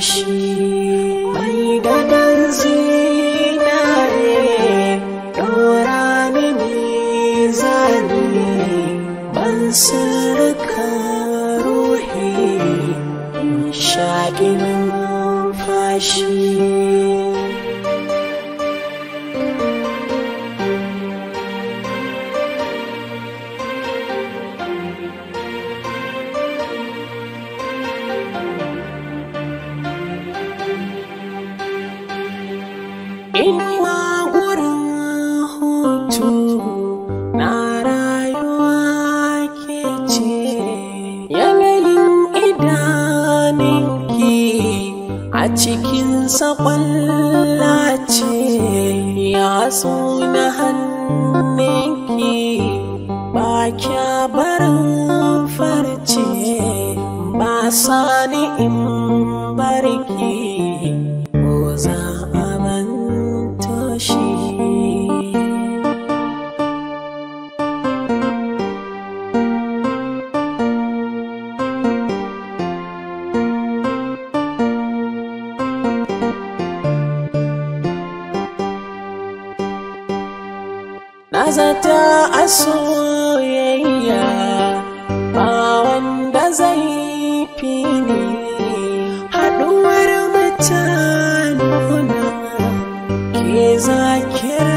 shi mai dadan zinare ɗora mini zane ban sirka ruhi sha shaƙin fashi nazata zata a soyayya ba wanda zai fi ne haɗuwar nuna ke za kira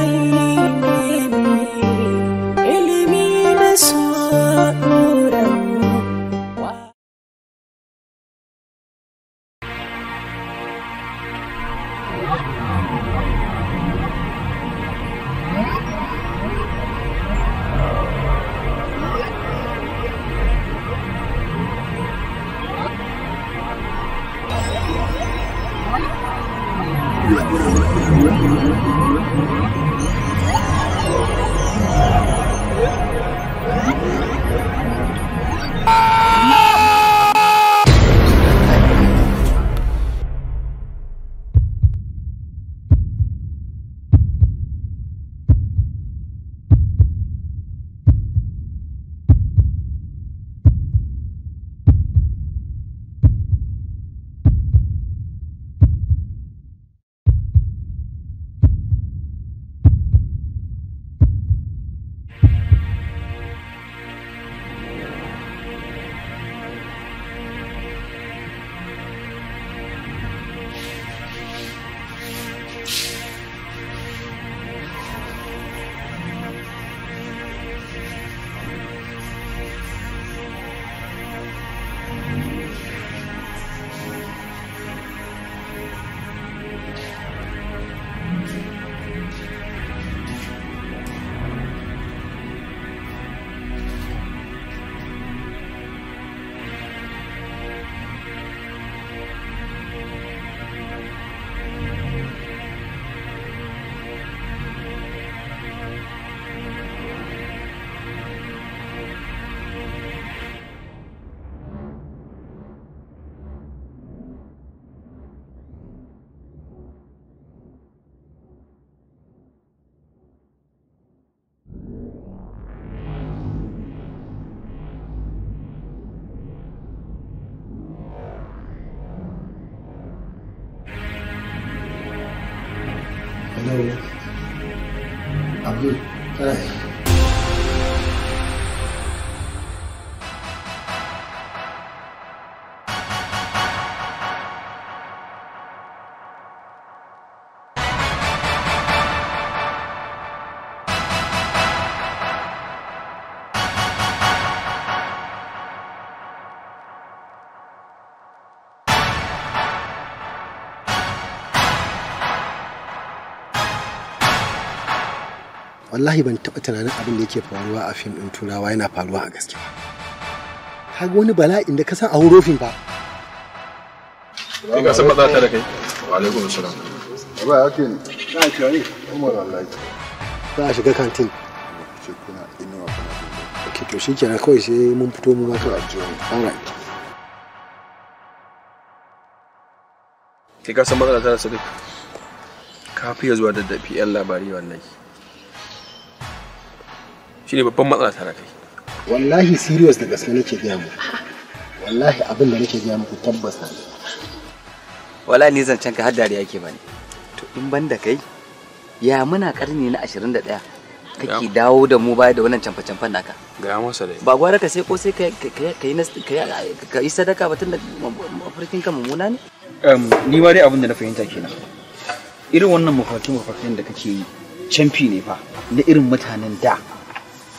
wallahi ban taɓa tunanin abin da yake faruwa a fim ɗin turawa yana faruwa a gaske ka wani bala'in da ka san a hurufin ba ka san faɗa ta da kai wa alaikum assalam ba ya ke na kare umar wallahi za a shiga kantin ce kuna inuwa ke to kawai sai mun fito mu ma a all alright kai ka san matsala ta da sadiq ka fiye zuwa dafi yan labari wallahi shine babban matsala tare kai wallahi serious da gaske nake gaya mu wallahi abin da nake gaya muku tabbas na wallahi ni zan ka har dare yake bani to in ban da kai ya muna karni na 21 kake dawo da mu bayan da wannan canfa-canfan naka ga masa dai ba gwara ka sai ko sai ka ka yi sadaka ba tun da mafarkin ka mummuna ne ni ma dai abin da na fahimta kenan irin wannan mafarkin mafarkin da kake yi canfi ne fa na irin mutanen da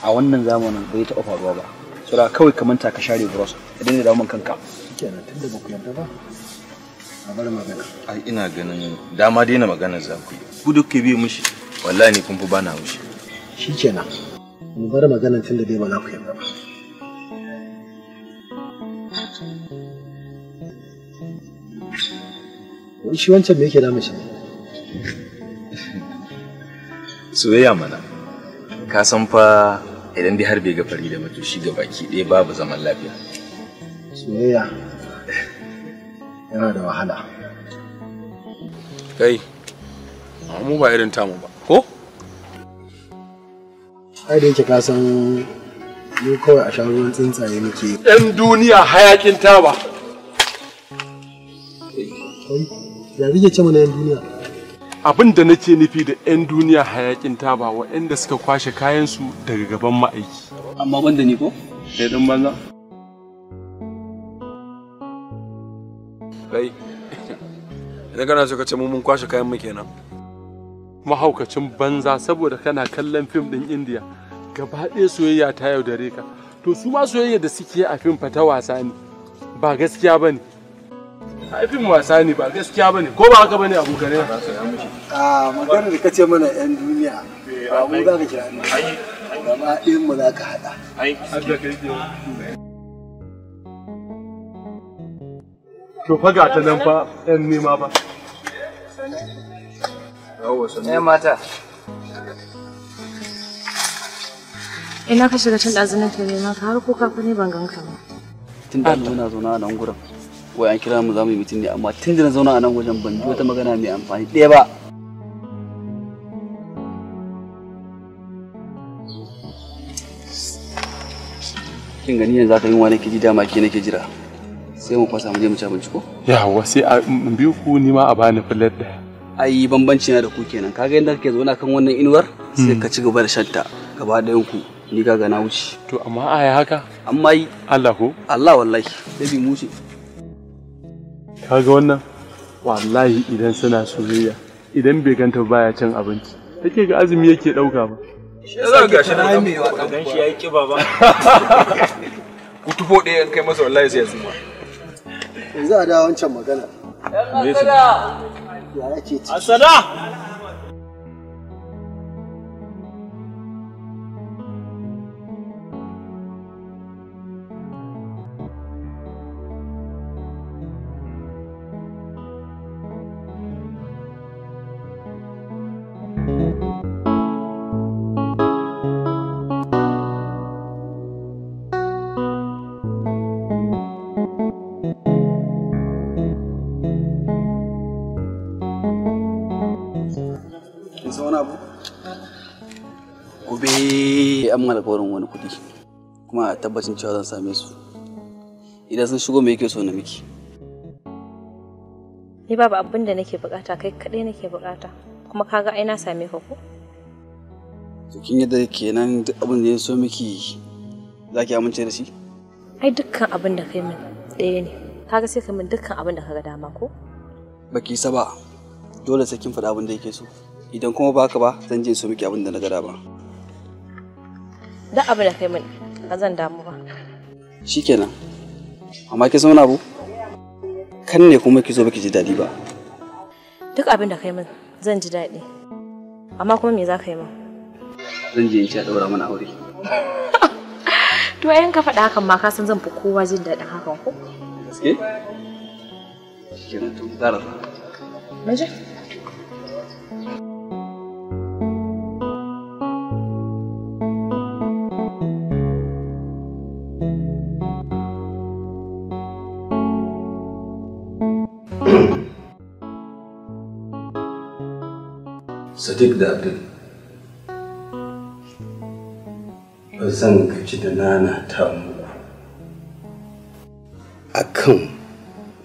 a wannan zamanin bai taɓa faruwa ba saboda kawai ka manta ka share bros ka daina damun kanka kenan tun da baku yarda ba a bar magana ai ina ganin dama daina magana za ku yi ku duk ke biye mushi wallahi ni kun fi bana mushi shikenan mu bar magana tun da dai ba za ku yarda ba shi wancan me yake damun shi soyayya mana ka san fa idan dai har bai ga fari da mutu shi gabaki baki ɗaya babu zaman lafiya soyayya yana da wahala kai mu ba irin tamu ba ko ai da yake ka san mu kawai a shan ruwan tsuntsaye muke yan duniya hayakin taba ya rike ce mana yan duniya abin da nake nufi da 'yan duniya hayakin taba da suka kwashe kayansu daga gaban ma'aiki. Amma banda ni ko? Sai banza. idan kana so ka ce mun kwashe kayan mu kenan. Mahaukacin banza saboda kana kallon fim ɗin Indiya gaba ɗaya soyayya ta yaudare ka. To su ma soyayya da suke a fim fa ta wasa ne, ba gaskiya ba haifin wasa ne ba gaskiya ba ne ko ba haka ba ne abokane a maganar da kace mana yan duniya ba mu za ka kira ni ba ma ɗin mu za ka haɗa to fa ga ta nan fa yan nema ba ne mata ina ka shiga tun ɗazunan ta nema ka har kuka ku ne ban ganka ba tun da na zo na nan gurin wai an kira mu za mu yi mutum ne amma tun da na zauna a nan wajen ban ji wata magana mai amfani ɗaya ba kin gani yanzu aka yi wani ji dama ke nake jira sai mu fasa mu je mu ci abinci ko Yawwa sai a biyu ku ni ma a bani filet ɗaya ayi bambanci na da ku kenan kaga yadda kake zauna kan wannan inuwar sai hmm. ka ci gaba da shanta gaba ɗayan ku ni kaga na wuce to amma a haka amma yi Allah ko Allah wallahi dabi mushi kaga wannan wallahi idan suna soyayya idan bai ganta baya cin abinci take ga azumi yake dauka ba shi yasa ga shi na mai wa dan shi yayi kiba ba kutufo ɗaya in kai masa wallahi sai ya zuma yanzu a da wancan magana me yasa ya yake ci asada abu gobe an mana alkawarin wani kudi kuma a tabbacin cewa zan same su idan sun shigo me yake so na miki ni babu abin da nake bukata kai kaɗai nake bukata kuma kaga ai na same ka ko to kin yadda kenan duk abin da ya so miki zaki amince da shi ai dukkan abin da kai min ɗaya ne kaga sai kai min dukkan abin da kaga dama ko baki saba dole sai kin faɗa abin da yake so idan kuma ba ka ba zan je so miki abin da na gada ba da abu da kai mun ba zan damu ba shikenan amma ki zauna abu kan ne kuma ki zo baki ji daɗi ba duk abin da kai mun zan ji daɗi amma kuma me za ka yi ma zan je in ci a ɗaura mana aure to ayan ka faɗa hakan ma ka san zan fi kowa jin daɗin hakan ko gaske shikenan to zara na je Sadiq da abin Ba zan gaji da nana ta muku. Akan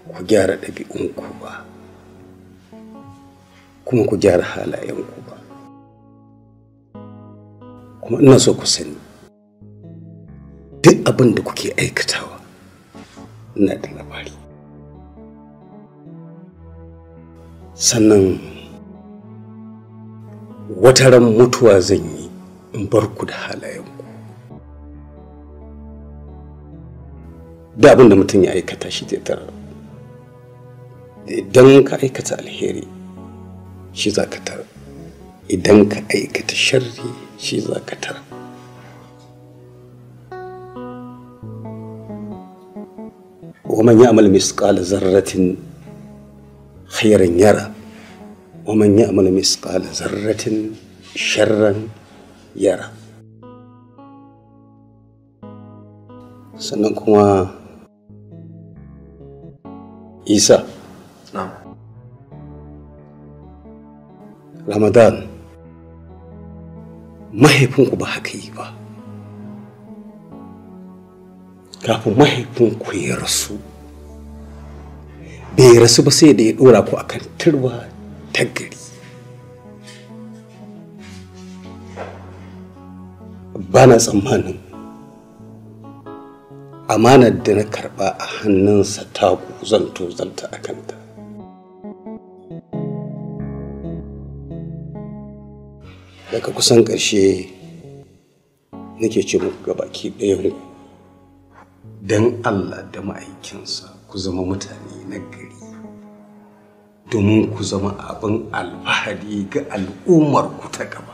ku gyara ɗabi'unku ba, kuma ku gyara halayenku ba. Kuma ina so ku sani, duk abin da kuke aikatawa, ina da labari. Sannan wata ran mutuwa zan yi in bar ku da halayenku da abin da mutum ya aikata shi zai tarar idan ka aikata alheri shi za ka tarar idan ka aikata sharri shi za ka tarar ومن يعمل مثقال ذرة خيرا يره wa man ya'mal misqala zarratin sharran yara sannan kuma isa ramadan mahaifinku ba haka yi ba kafin mahaifinku ya rasu bai rasu ba sai da ya dora ku akan turba ta gari ba na tsammanin amanar da na karba a hannunsa ta zan tozanta a kanta daga kusan ƙarshe nake ce muku ga baki ɗayan don allah da ma'aikinsa ku zama mutane na gari domin ku zama abin alfahari ga al'ummar ku ta gaba.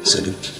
Sadiq.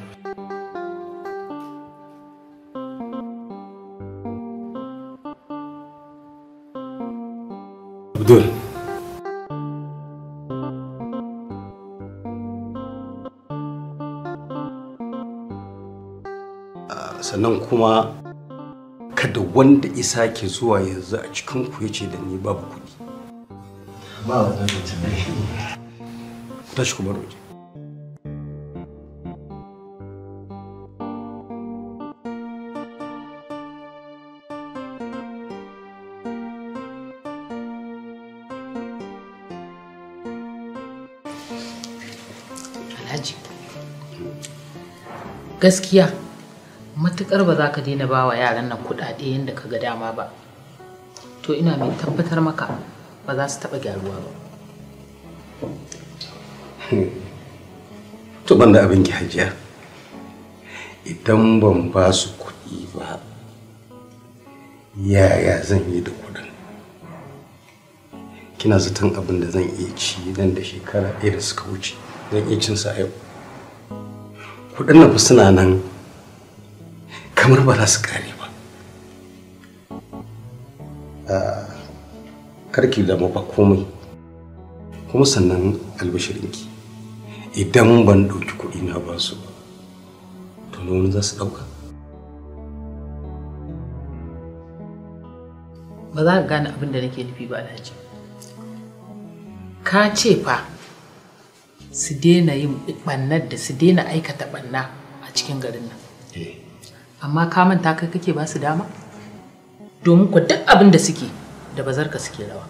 sannan kuma kada wanda isa ke zuwa yanzu a cikin ku yace da ni babu kuɗi ba tashi kuma gaskiya matuƙar ba za ka daina ba wa yaran nan kuɗaɗe yadda ka ga dama ba to ina mai tabbatar maka ba za su taɓa gyaruwa ba to ban abin ki hajiya idan ban ba su kuɗi ba yaya zan yi da kuɗin kina zaton abin da zan iya ci nan da shekara ɗaya da suka wuce zan iya cinsa yau kuɗin na suna nan kamar ba za su gane ba ah, karki da ba komai kuma sannan albashirinki idan ban ɗauki kuɗi na ba su to wani za su ɗauka ba za ka gane abin da nake nufi ba alhaji ka ce fa su daina yin ɓannar da su daina aikata ɓanna a cikin garin nan eh. amma ka manta kai kake ba su dama domin ku duk abin da suke da bazarka suke rawa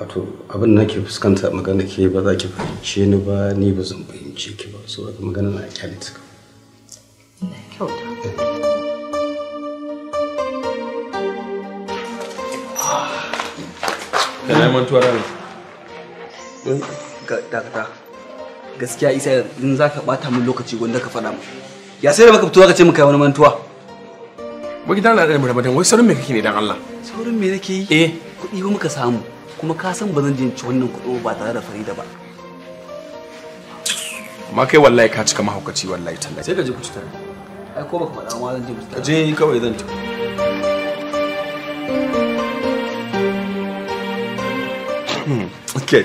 wato abin da nake fuskanta magana ke ba za ki fahimce ni ba ni ba zan fahimce ki ba so ga magana na kyale ta Kana yi mantuwa da gaskiya isa in za ka bata min lokaci wanda ka faɗa ya sai da baka fito ka ce muka wani mantuwa ba gidan na da murabadan wai saurin me kake ne dan Allah saurin me nake yi eh kuɗi ba muka samu kuma ka san ba zan je ci wannan kuɗi ba tare da Farida ba amma kai wallahi ka cika mahaukaci wallahi tallahi sai ka je ku ci tare ai ko baka faɗa ma zan je ku tare je kawai zan ci hmm, Okay.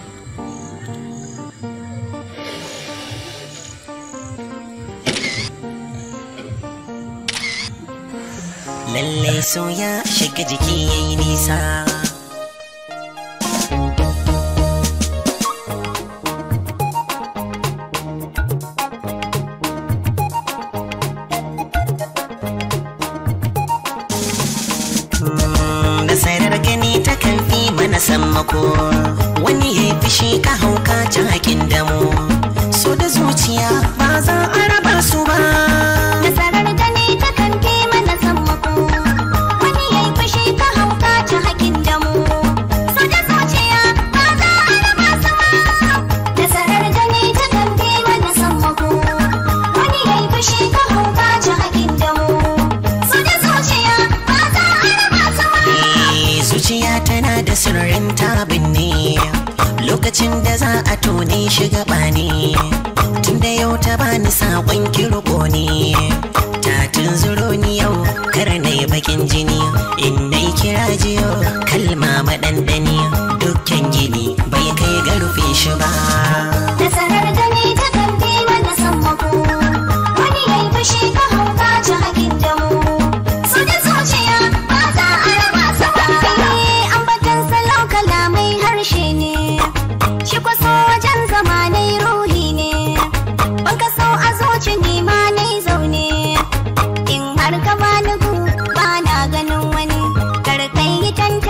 nai soya shiga jiki yayi nisa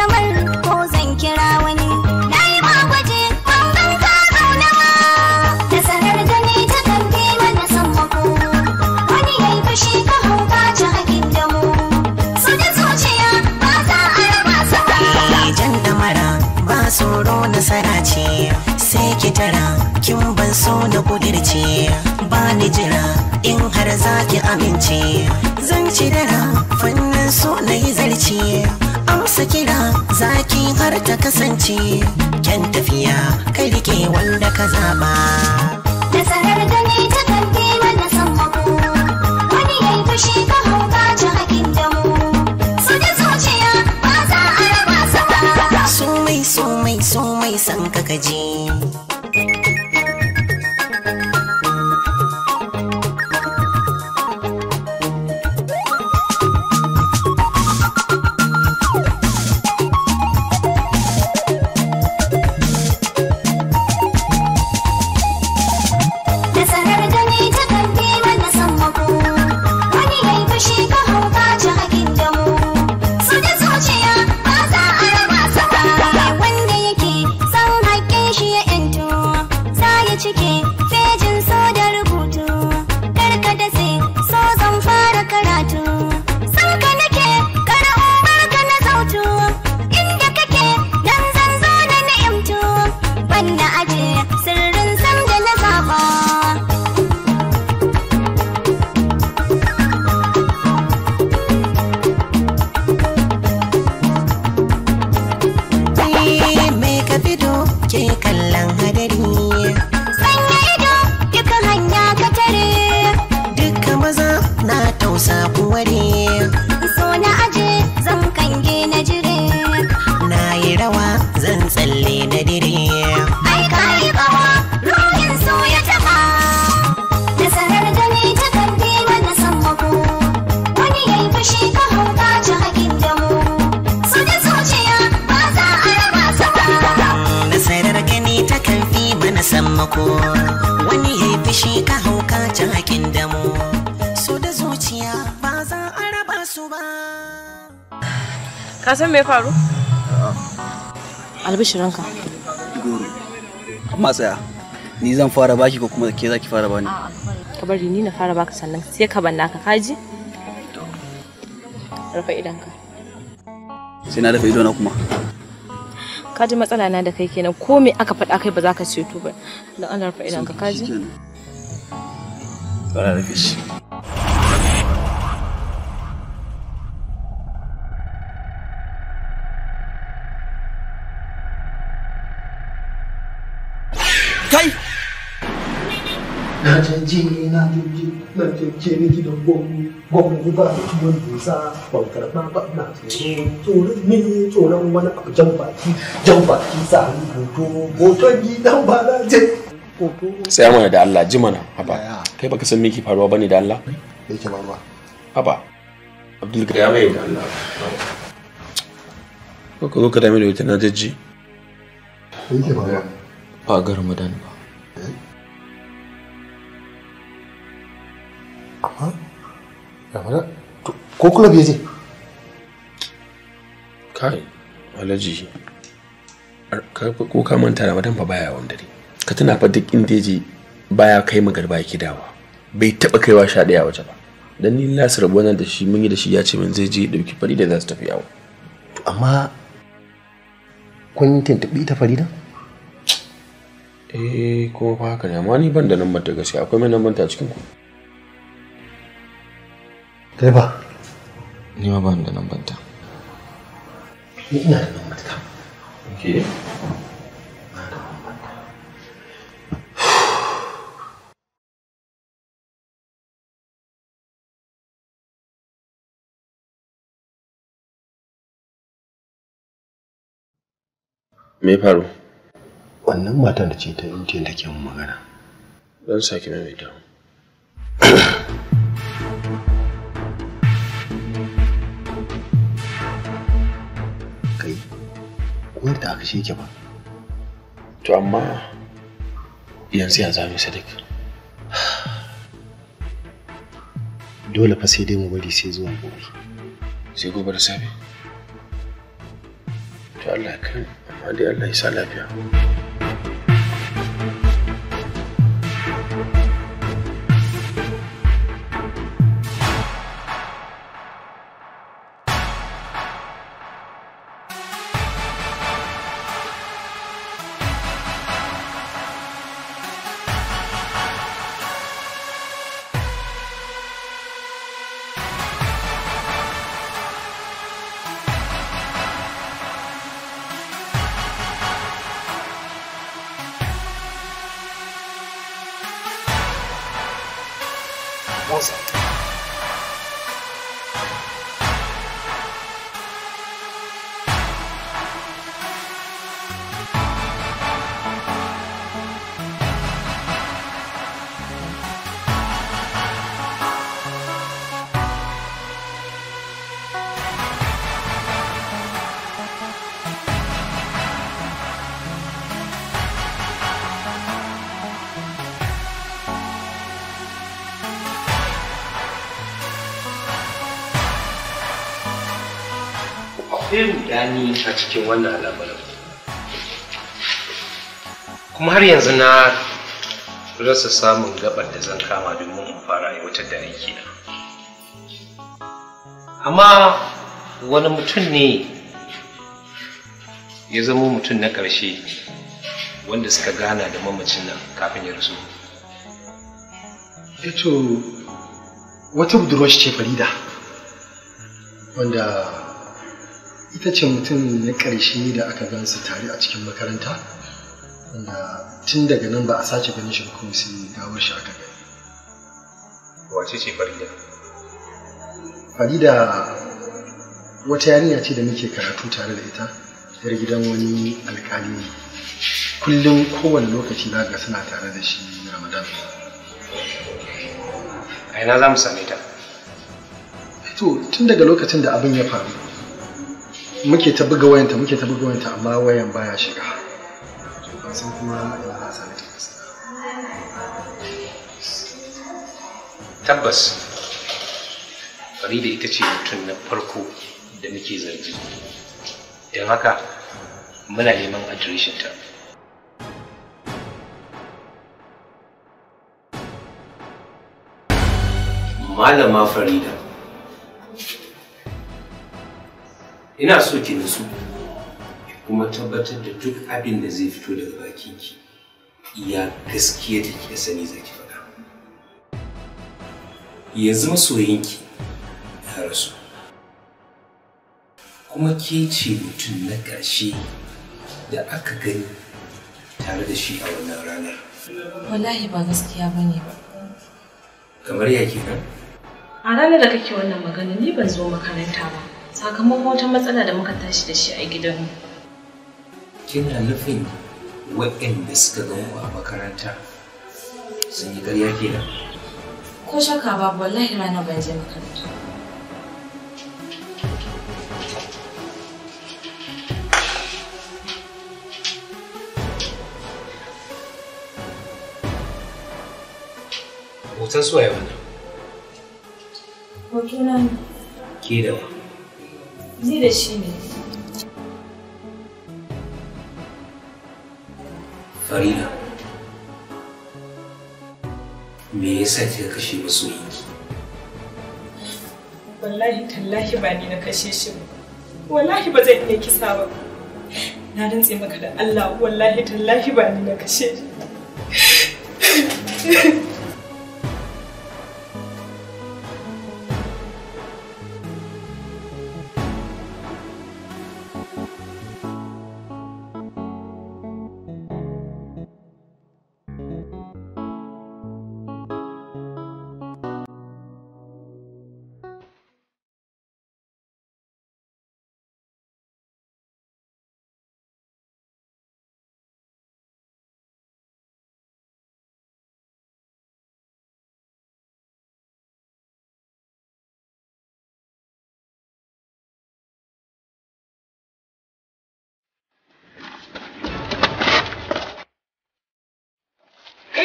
gardamar ko zan kira wani na yi ma gwaje ban ban ka ba da sanar da ni ta kamfe wani ya yi fashi ka hau ka ci hakin damu su da zuciya ba za a raba su ba jan damara ba tsoro nasara ce sai ki tara kin ban so na kudirce ba jira in har za ki amince zan ci dara fannin su nayi yi zarce amsa zaki har ta kasance kyan tafiya kai rike wanda ka zaɓa. da sanar gani ta kamfe mana san hagu wani yayi fushi ka hauka ci hakin damu su zuciya ba za a raba su ba su mai san ka gaji Ka san me ya faru? Albishirinka. Goro. Amma tsaya. Ni zan fara baki ko kuma ke zaki fara bani? Ka bari ni na fara baka sannan sai ka banna ka kaji? Rufe idanka. Sai na rufe idona kuma. Ka ji matsala na da kai kenan ko me aka faɗa kai ba za ka ceto ba. Dan Allah rufe idanka kaji? ba rufe shi. kai na canje ne na canje na canje ne gidan gwamnati gwamnati ba da kiwon dusa ban karɓa ba na tsoron ne tsoron wani abu jan baki jan baki sa hannu hoto hoton gidan ba na je sai amana da Allah ji mana haba kai baka san me ke faruwa bane da Allah yake mama haba Abdul ya mai da Allah ko ko ka dame da wuta na jajji yake mama ba ga Ramadan ba. Amma? mara, Ko club ya je? Kai, Ko ka manta da madan ba baya wani dare. Ka tuna fa duk inda ya je baya kai mu garba yake dawa. Bai taɓa kaiwa sha ɗaya waje ba. Dan ni Nasir Bonan da shi mun yi da shi ya ce min zai je dauki fari da za su tafi yawo. Amma kun tuntuɓi ta Farida? eh ko ba ka ne amma ni ban da lambar ta gaskiya akwai mai lambar ta cikin ku kai ba ni ma ban da lambar ta ni ina da lambar ta okay Me paro. wannan matan da ce ta da ke mun magana don sake mai dawo kai kuwar da aka sheke ba to amma yanzu ya zami sadik dole fa sai dai mu bari sai zuwa gobe sai gobe da safe to Allah kan amma dai Allah ya sa lafiya akwai rudani a cikin wannan al'amarin kuma har yanzu na rasa samun gabar da zan kama domin in fara aiwatar da aiki na amma wani mutum ne ya zama mutum na ƙarshe wanda suka gana da mamacin nan kafin ya rasu Eto eh wata budurwa ce farida wanda ita ce mutum na ƙarshe da aka gansu tare a cikin makaranta wanda tun daga nan ba a sace ganin shi kuma sai gawar shi aka gani wace ce farida farida wata yarinya ce da muke karatu tare da ita yar gidan wani alƙali ne kullum kowane lokaci za ga suna tare da shi ramadan a ina za mu same ta to tun daga lokacin da abin ya faru muke ta buga wayanta muke ta buga wayanta amma wayan baya shiga tabbas farida ita ce mutum na farko da muke zargi don haka muna neman adireshinta ta malama farida ina so ki nutsu kuma tabbatar da duk abin da zai fito daga ki ya gaskiya da ke sani za ki faɗa yanzu masoyinki ya rasu kuma ke ce mutum na ƙarshe da aka gani tare da shi a wannan ranar wallahi ba gaskiya ba ba kamar ya nan. a ranar da kake wannan magana ni ban zo makaranta ba sakamakon wata matsala da muka tashi da shi a gidanmu. Kina nufin waɗanda suka gan mu a makaranta sun yi ƙarya da. Ko shakka babu wallahi rana ban je makaranta. Hoton suwaye wannan? Hotuna nan. Ke da wa? Ni da shi Farida, me yasa kika kashe masoyinki? Wallahi tallahi ba ni na kashe shi ba. Wallahi ba zan iya kisa ba. Na rantse maka da Allah wallahi tallahi ba ni na kashe shi.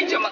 没什么。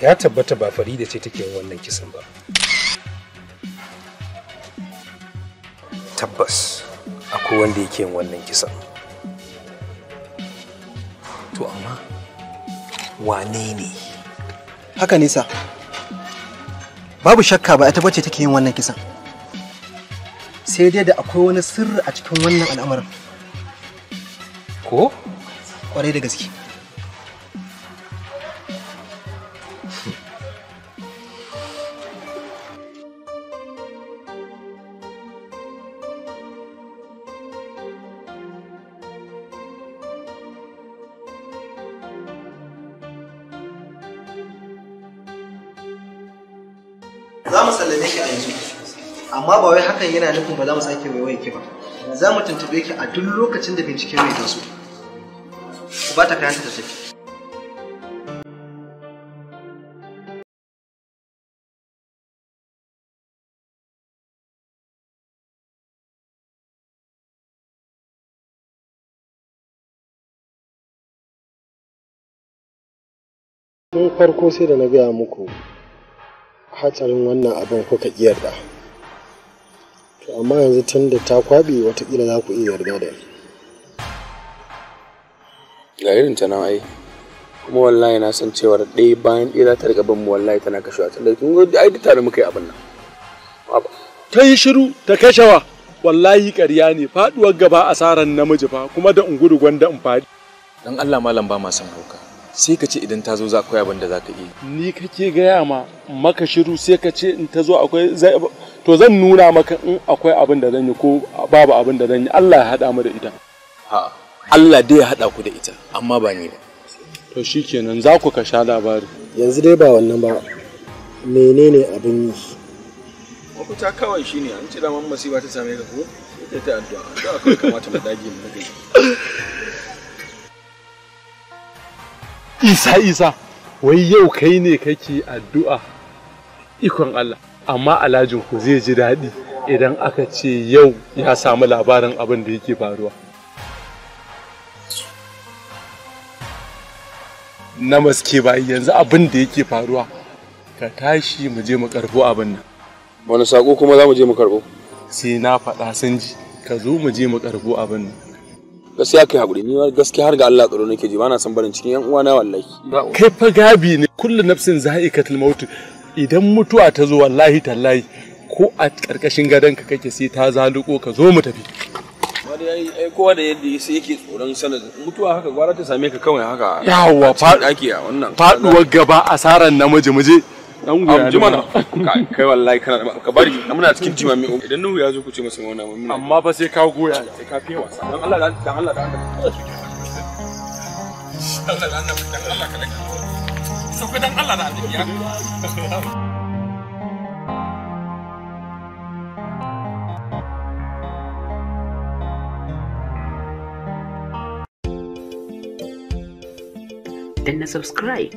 ya tabbata ba farida ce take yin wannan kisan ba tabbas akwai wanda yake yin wannan kisan to amma wane ne haka nisa babu shakka ba ita bace take yin wannan kisan sai dai da akwai wani sirri a cikin wannan al'amarin ko kwarai da gaske za mu sallame ki a yanzu amma ba wai hakan yana nufin ba za mu sake waiwaye ki ba za mu tuntube ki a duk lokacin da bincike mai taso ku ba ta kayan ta tafi farko sai da na gaya muku hatsarin wannan abin kuka ƙi yarda to amma yanzu tun da ta kwaɓe watakila za ku iya yarda da ni ga irin ta nan ai kuma wallahi na san cewar ɗaya bayan ɗaya za ta riga bin mu wallahi tana kashewa tun da kun ai da tare muka yi abin nan ta yi shiru ta kashewa wallahi ƙarya ne faɗuwar gaba asaran namiji fa kuma da ungudu gwanda in faɗi dan Allah malam ba ma san hauka sai ka ce idan ta zo za koya abin da za ka yi ni kake gaya ma maka shiru sai ka ce in ta zo akwai to zan nuna maka in akwai abin da zan yi ko babu abin da zan yi Allah ya haɗa mu da ita ha Allah dai ya haɗa ku da ita amma ba ni ba to shikenan za ku ka sha labari yanzu dai ba wannan ba menene abin yi mafita kawai shine an ci daman masiba ta same ka ko ita ta addu'a addu'a kamata mu dage mu isa isa wai yau kai ne kake addu'a ikon Allah amma alhajin ku zai ji daɗi idan aka ce yau ya samu labarin abin da yake faruwa na maske bai yanzu abin da yake faruwa ka tashi mu je mu karbo abin nan wani sako kuma za mu je mu karbo sai na faɗa sun ji ka zo mu je mu karbo abin nan gaskiya kai hakuri ni gaskiya har ga Allah tsaro nake ji bana san barin cikin yan uwa na wallahi kai fa gabi ne kullu nafsin za'iqatul maut idan mutuwa ta zo wallahi tallahi ko a karkashin gadonka kake sai ta zaluko ka zo mu tafi kowa da yadda sai yake tsoron sanar mutuwa haka gwara ta same ka kawai haka yawa faɗuwar gaba asarar namiji miji dan kai wallahi kana ka bari muna cikin mai idan nuhu ya zo ku ce masa wannan mun amma fa sai ka goya sai ka wasa Then subscribe.